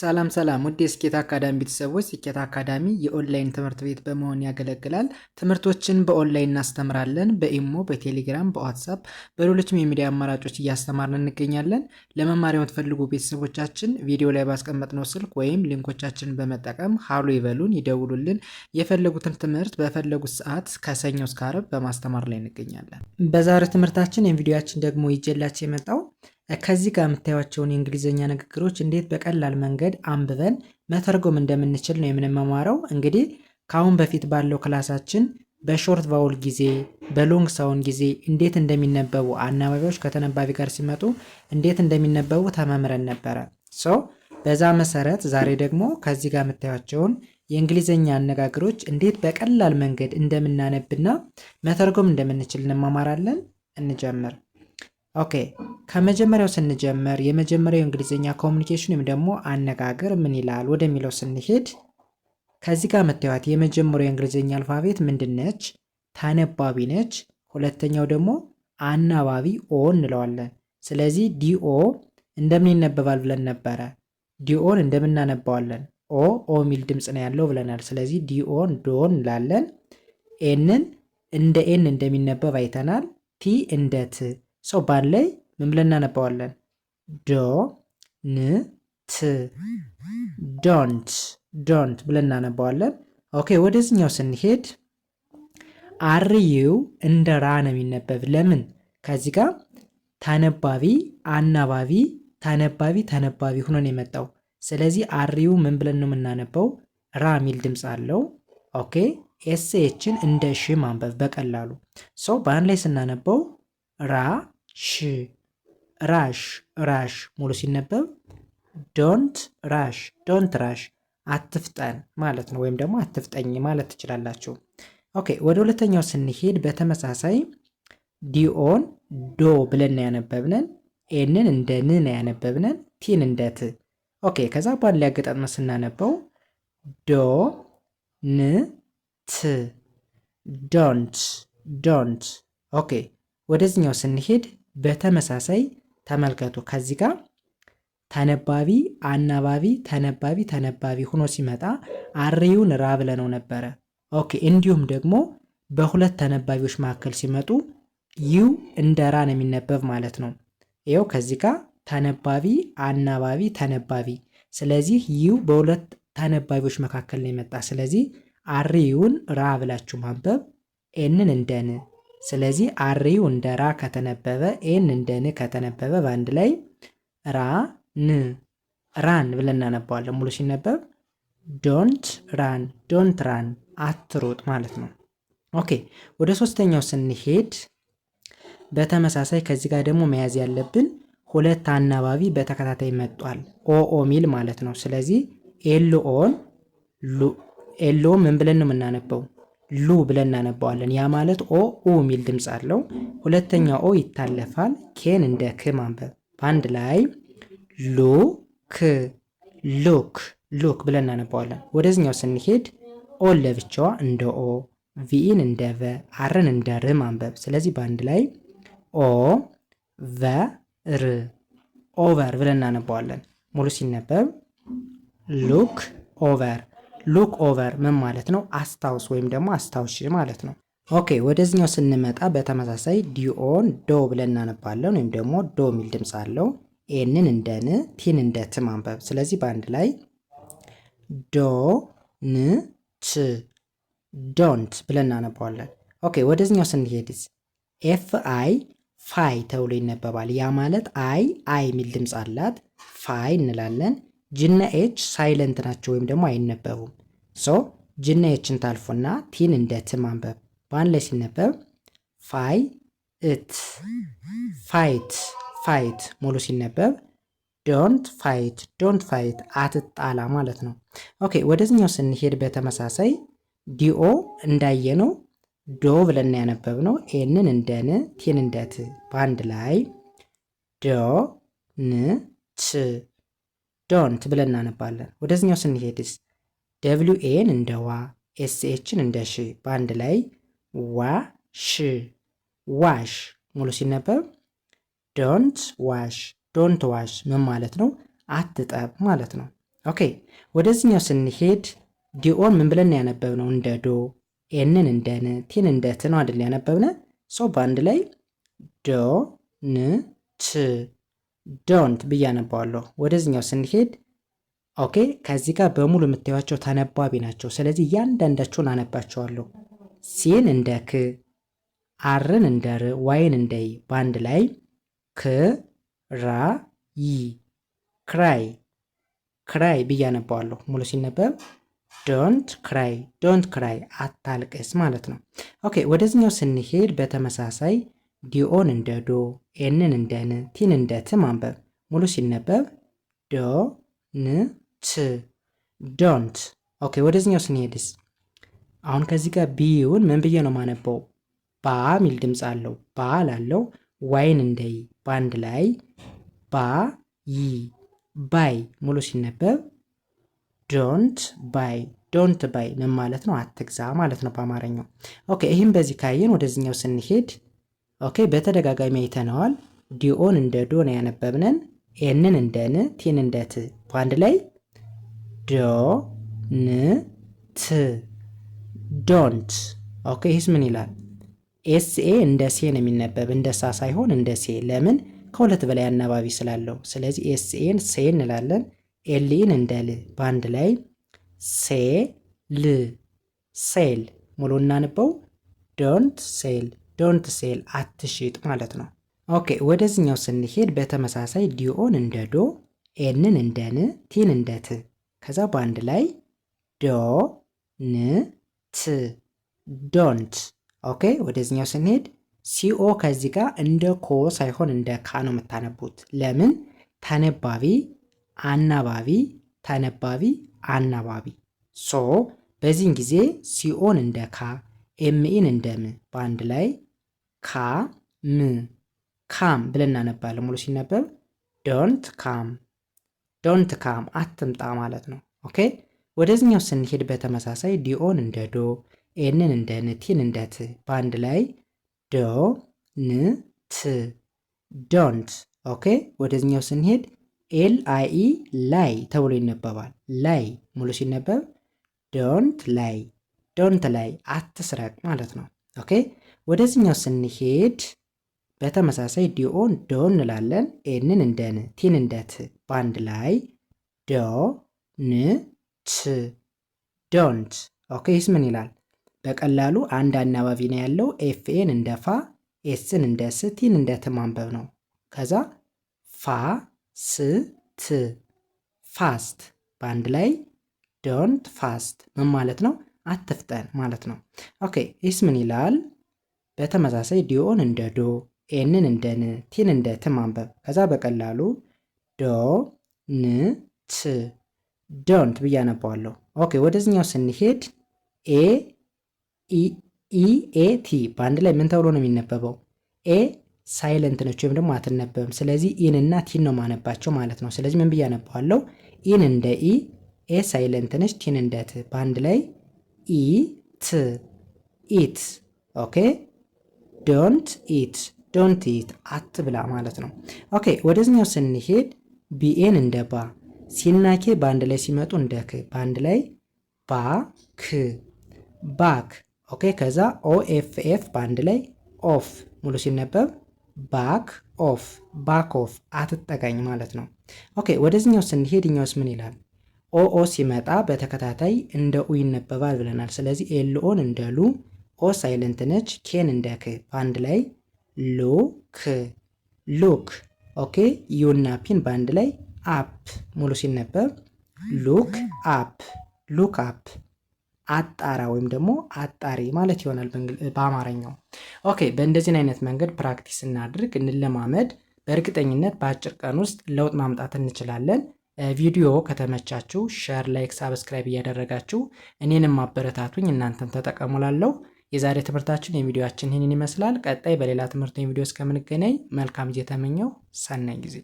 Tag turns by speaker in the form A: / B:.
A: ሰላም ሰላም ውድ የስኬት አካዳሚ ቤተሰቦች፣ ስኬት አካዳሚ የኦንላይን ትምህርት ቤት በመሆን ያገለግላል። ትምህርቶችን በኦንላይን እናስተምራለን። በኢሞ፣ በቴሌግራም፣ በዋትሳፕ፣ በሌሎችም የሚዲያ አማራጮች እያስተማርን እንገኛለን። ለመማር የምትፈልጉ ቤተሰቦቻችን ቪዲዮ ላይ ባስቀመጥነው ስልክ ወይም ሊንኮቻችንን በመጠቀም ሀሎ ይበሉን፣ ይደውሉልን። የፈለጉትን ትምህርት በፈለጉት ሰዓት ከሰኞ እስከ ዓርብ በማስተማር ላይ እንገኛለን። በዛሬው ትምህርታችን የቪዲዮያችን ደግሞ ይጀላችሁ የመጣው ከዚህ ጋር የምታዩቸውን የእንግሊዝኛ ንግግሮች እንዴት በቀላል መንገድ አንብበን መተርጎም እንደምንችል ነው የምንመማረው። እንግዲህ ከአሁን በፊት ባለው ክላሳችን በሾርት ቫውል ጊዜ በሎንግ ሳውንድ ጊዜ እንዴት እንደሚነበቡ አናባቢዎች ከተነባቢ ጋር ሲመጡ እንዴት እንደሚነበቡ ተመምረን ነበረ። ሰው በዛ መሰረት ዛሬ ደግሞ ከዚህ ጋር የምታዩቸውን የእንግሊዝኛ አነጋገሮች እንዴት በቀላል መንገድ እንደምናነብና መተርጎም እንደምንችል እንማማራለን። እንጀምር። ኦኬ ከመጀመሪያው ስንጀምር የመጀመሪያው እንግሊዝኛ ኮሚኒኬሽን ወይም ደግሞ አነጋገር ምን ይላል ወደሚለው ስንሄድ ከዚህ ጋር የምታዩት የመጀመሪያው የእንግሊዝኛ አልፋቤት ምንድን ነች? ተነባቢ ነች። ሁለተኛው ደግሞ አናባቢ ኦ እንለዋለን። ስለዚህ ዲኦ እንደምን ይነበባል ብለን ነበረ። ዲኦን እንደምናነባዋለን። ኦ ኦ የሚል ድምፅ ነው ያለው ብለናል። ስለዚህ ዲኦን ዶን እንላለን። ኤንን እንደ ኤን እንደሚነበብ አይተናል። ቲ እንደ ት ሰው ባንድ ላይ ምን ብለን እናነባዋለን? ዶ ን ት ዶንት ዶንት ብለን እናነባዋለን። ኦኬ ወደዚህኛው ስንሄድ አርዩው እንደ ራ ነው የሚነበብ። ለምን? ከዚህ ጋር ተነባቢ አናባቢ ተነባቢ ተነባቢ ሆኖ ነው የመጣው። ስለዚህ አርዩው ምን ብለን ነው የምናነበው? ራ የሚል ድምፅ አለው። ኦኬ ኤስኤችን እንደ ሺ ማንበብ በቀላሉ ሰው በአንድ ላይ ስናነበው ራ ሽ ራሽ ራሽ ሙሉ ሲነበብ ዶንት ራሽ ዶንት ራሽ አትፍጠን ማለት ነው። ወይም ደግሞ አትፍጠኝ ማለት ትችላላችሁ። ኦኬ ወደ ሁለተኛው ስንሄድ በተመሳሳይ ዲኦን ዶ ብለን ያነበብነን፣ ኤንን እንደ ንን ያነበብነን፣ ቲን እንደ ት። ኦኬ ከዛ በኋላ ላይ ስናነበው ዶ ን ት ዶንት ዶንት። ኦኬ ወደዚህኛው ስንሄድ በተመሳሳይ ተመልከቱ ከዚህ ጋር ተነባቢ አናባቢ ተነባቢ ተነባቢ ሆኖ ሲመጣ አሬውን ራ ብለነው ነበረ። ኦኬ እንዲሁም ደግሞ በሁለት ተነባቢዎች መካከል ሲመጡ ዩ እንደ ራ ነው የሚነበብ ማለት ነው። ይኸው ከዚህ ጋር ተነባቢ አናባቢ ተነባቢ። ስለዚህ ዩ በሁለት ተነባቢዎች መካከል ነው የመጣ። ስለዚህ አሬውን ራ ብላችሁ ማንበብ ኤንን እንደን ስለዚህ አሪው እንደ ራ ከተነበበ ኤን እንደ ን ከተነበበ በአንድ ላይ ራ ን ራን ብለን እናነባዋለን። ሙሉ ሲነበብ ዶንት ራን ዶንት ራን አትሮጥ ማለት ነው። ኦኬ ወደ ሶስተኛው ስንሄድ በተመሳሳይ ከዚህ ጋር ደግሞ መያዝ ያለብን ሁለት አናባቢ በተከታታይ መጧል። ኦኦ ሚል ማለት ነው። ስለዚህ ኤልኦን ኤልኦ ምን ብለን ነው የምናነበው? ሉ ብለን እናነባዋለን። ያ ማለት ኦ ኡ የሚል ድምፅ አለው። ሁለተኛ ኦ ይታለፋል። ኬን እንደ ክ ማንበብ። በአንድ ላይ ሉክ ሉክ ሉክ ብለን እናነባዋለን። ወደዚኛው ስንሄድ ኦን ለብቻዋ እንደ ኦ፣ ቪኢን እንደ ቨ፣ አርን እንደ ር ማንበብ። ስለዚህ በአንድ ላይ ኦ ቨ ር ኦቨር ብለን እናነባዋለን። ሙሉ ሲነበብ ሉክ ኦቨር ሉክ ኦቨር ምን ማለት ነው? አስታውስ ወይም ደግሞ አስታውሽ ማለት ነው። ኦኬ ወደዚኛው ስንመጣ በተመሳሳይ ዲኦን ዶ ብለን እናነባለን፣ ወይም ደግሞ ዶ የሚል ድምፅ አለው። ኤንን እንደ ን ቲን እንደ ት ማንበብ። ስለዚህ በአንድ ላይ ዶ ን ት ዶንት ብለን እናነባዋለን። ኦኬ ወደዚኛው ስንሄድስ ኤፍ አይ ፋይ ተብሎ ይነበባል። ያ ማለት አይ አይ የሚል ድምፅ አላት። ፋይ እንላለን። ጂና ኤች ሳይለንት ናቸው ወይም ደግሞ አይነበቡም። ሶ ጂና ኤችን ታልፎና ቲን እንደ ት ማንበብ በአንድ ላይ ሲነበብ ፋይ እት ፋይት ፋይት ሙሉ ሲነበብ ዶንት ፋይት ዶንት ፋይት አትጣላ ማለት ነው። ኦኬ ወደዚኛው ስንሄድ በተመሳሳይ ዲኦ እንዳየ ነው ዶ ብለን ያነበብ ነው። ኤንን እንደን ቲን እንደት በአንድ ላይ ዶ ን ት ዶንት ብለን እናነባለን። ወደዚኛው ስንሄድስ ደብሊው ኤን እንደ ዋ፣ ኤስኤችን እንደ ሽ በአንድ ላይ ዋ ሽ ዋሽ ሙሉ ሲነበብ ዶንት ዋሽ ዶንት ዋሽ ምን ማለት ነው? አትጠብ ማለት ነው። ኦኬ ወደዚህኛው ስንሄድ ዲኦን ምን ብለን ነው እንደ ዶ፣ ኤንን እንደ ን፣ ቲን እንደ ት ነው አይደል ያነበብነ? ሰው በአንድ ላይ ዶ ን ት ዶንት ብዬ አነባዋለሁ። ወደዚኛው ስንሄድ ኦኬ፣ ከዚህ ጋር በሙሉ የምታዩቸው ተነባቢ ናቸው። ስለዚህ እያንዳንዳቸውን አነባቸዋለሁ። ሲን እንደ ክ፣ አርን እንደ ር፣ ዋይን እንደ ይ፣ በአንድ ላይ ክ ራ ይ ክራይ ክራይ ብዬ አነባዋለሁ። ሙሉ ሲነበብ ዶንት ክራይ ዶንት ክራይ አታልቅስ ማለት ነው። ኦኬ ወደዚኛው ስንሄድ በተመሳሳይ ዲኦን እንደ ዶ፣ ኤንን እንደ ን፣ ቲን እንደ ት ማንበብ። ሙሉ ሲነበብ ዶ ን ት ዶንት። ኦኬ ወደዚኛው ስንሄድስ አሁን ከዚህ ጋር ቢውን ምን ብዬ ነው ማነበው? ባ ሚል ድምፅ አለው። ባ ላለው ዋይን እንደይ በአንድ ላይ ባ ይ ባይ። ሙሉ ሲነበብ ዶንት ባይ። ዶንት ባይ ምን ማለት ነው? አትግዛ ማለት ነው በአማርኛው። ኦኬ ይህም በዚህ ካየን ወደዚኛው ስንሄድ ኦኬ በተደጋጋሚ አይተነዋል። ዲኦን እንደ ዶ ነው ያነበብነን። ኤንን እንደ ን፣ ቲን እንደ ት በአንድ ላይ ዶ ን ት ዶንት። ኦኬ ይህስ ምን ይላል? ኤስኤ እንደ ሴ ነው የሚነበብ እንደ ሳ ሳይሆን እንደ ሴ። ለምን? ከሁለት በላይ አናባቢ ስላለው። ስለዚህ ኤስኤን ሴ እንላለን። ኤልኢን እንደ ል በአንድ ላይ ሴ ል ሴል። ሙሉ እናንበው ዶንት ሴል ዶንት ሴል አትሽጥ ማለት ነው። ኦኬ ወደዚህኛው ስንሄድ በተመሳሳይ ዲኦን እንደ ዶ፣ ኤንን እንደ ን፣ ቲን እንደ ት ከዛ በአንድ ላይ ዶ ን ት ዶንት። ኦኬ ወደዚህኛው ስንሄድ ሲኦ ከዚህ ጋር እንደ ኮ ሳይሆን እንደ ካ ነው የምታነቡት። ለምን? ተነባቢ አናባቢ፣ ተነባቢ አናባቢ። ሶ በዚህን ጊዜ ሲኦን እንደ ካ ኤምኢን እንደ ም በአንድ ላይ ካ ም ካም ብለን እናነባለን። ሙሉ ሲነበብ ዶንት ካም ዶንት ካም አትምጣ ማለት ነው። ኦኬ ወደዚኛው ስንሄድ በተመሳሳይ ዲኦን እንደ ዶ፣ ኤንን እንደ ንቲን እንደ ት በአንድ ላይ ዶ ን ት ዶንት። ኦኬ ወደዚኛው ስንሄድ ኤል አይ ኢ ላይ ተብሎ ይነበባል። ላይ ሙሉ ሲነበብ ዶንት ላይ ዶንት ላይ አትስረቅ ማለት ነው። ኦኬ ወደዚህኛው ስንሄድ በተመሳሳይ ዲኦን ዶ እንላለን። ኤንን እንደ ን ቲን እንደ ት በአንድ ላይ ዶ ን ት ዶንት። ኦኬ ይስ ምን ይላል? በቀላሉ አንድ አናባቢ ነው ያለው። ኤፍኤን እንደ ፋ፣ ኤስን እንደ ስ፣ ቲን እንደ ት ማንበብ ነው። ከዛ ፋ ስ ት ፋስት በአንድ ላይ ዶንት ፋስት ምን ማለት ነው? አትፍጠን ማለት ነው። ኦኬ ይህስ ምን ይላል? በተመሳሳይ ዲኦን እንደ ዶ፣ ኤንን እንደ ን፣ ቲን እንደ ት ማንበብ ከዛ በቀላሉ ዶ ን ት ዶንት ብዬ አነባዋለሁ። ኦኬ ወደዚኛው ስንሄድ ኤ ኢኤ ቲ በአንድ ላይ ምን ተብሎ ነው የሚነበበው? ኤ ሳይለንት ነች ወይም ደግሞ አትነበብም። ስለዚህ ኢን እና ቲን ነው ማነባቸው ማለት ነው። ስለዚህ ምን ብዬ አነባዋለሁ? ኢን እንደ ኢ፣ ኤ ሳይለንት ነች፣ ቲን እንደ ት በአንድ ላይ ኢት ኢት ኦኬ ዶንት ኢት ዶንት ኢት አትብላ ማለት ነው። ኦኬ ወደዚኛው ስንሄድ ቢኤን እንደ ባ ሲና በአንድ ላይ ሲመጡ እንደ ክ በአንድ ላይ ባ ክ ባክ። ኦኬ ከዛ ኦኤፍኤፍ በአንድ ላይ ኦፍ ሙሉ ሲነበብ ባክ ኦፍ ባክ ኦፍ አትጠጋኝ ማለት ነው። ኦኬ ወደዚኛው ስንሄድ እኛውስ ምን ይላል? ኦኦ ሲመጣ በተከታታይ እንደ ኡ ይነበባል ብለናል። ስለዚህ ኤልኦን እንደ ሉ፣ ኦ ሳይለንት ነች፣ ኬን እንደ ክ፣ በአንድ ላይ ሉክ ሉክ። ኦኬ ዩና ፒን በአንድ ላይ አፕ፣ ሙሉ ሲነበብ ሉክ አፕ ሉክ አፕ አጣራ ወይም ደግሞ አጣሪ ማለት ይሆናል በአማርኛው። ኦኬ በእንደዚህን አይነት መንገድ ፕራክቲስ እናድርግ፣ እንለማመድ። በእርግጠኝነት በአጭር ቀን ውስጥ ለውጥ ማምጣት እንችላለን። ቪዲዮ ከተመቻችሁ ሸር፣ ላይክ፣ ሳብስክራይብ እያደረጋችሁ እኔንም ማበረታቱኝ እናንተም ተጠቀሙላለሁ። የዛሬ ትምህርታችን የቪዲዮችን ይህንን ይመስላል። ቀጣይ በሌላ ትምህርት ቪዲዮ እስከምንገናኝ መልካም ጊዜ ተመኘው። ሰናይ ጊዜ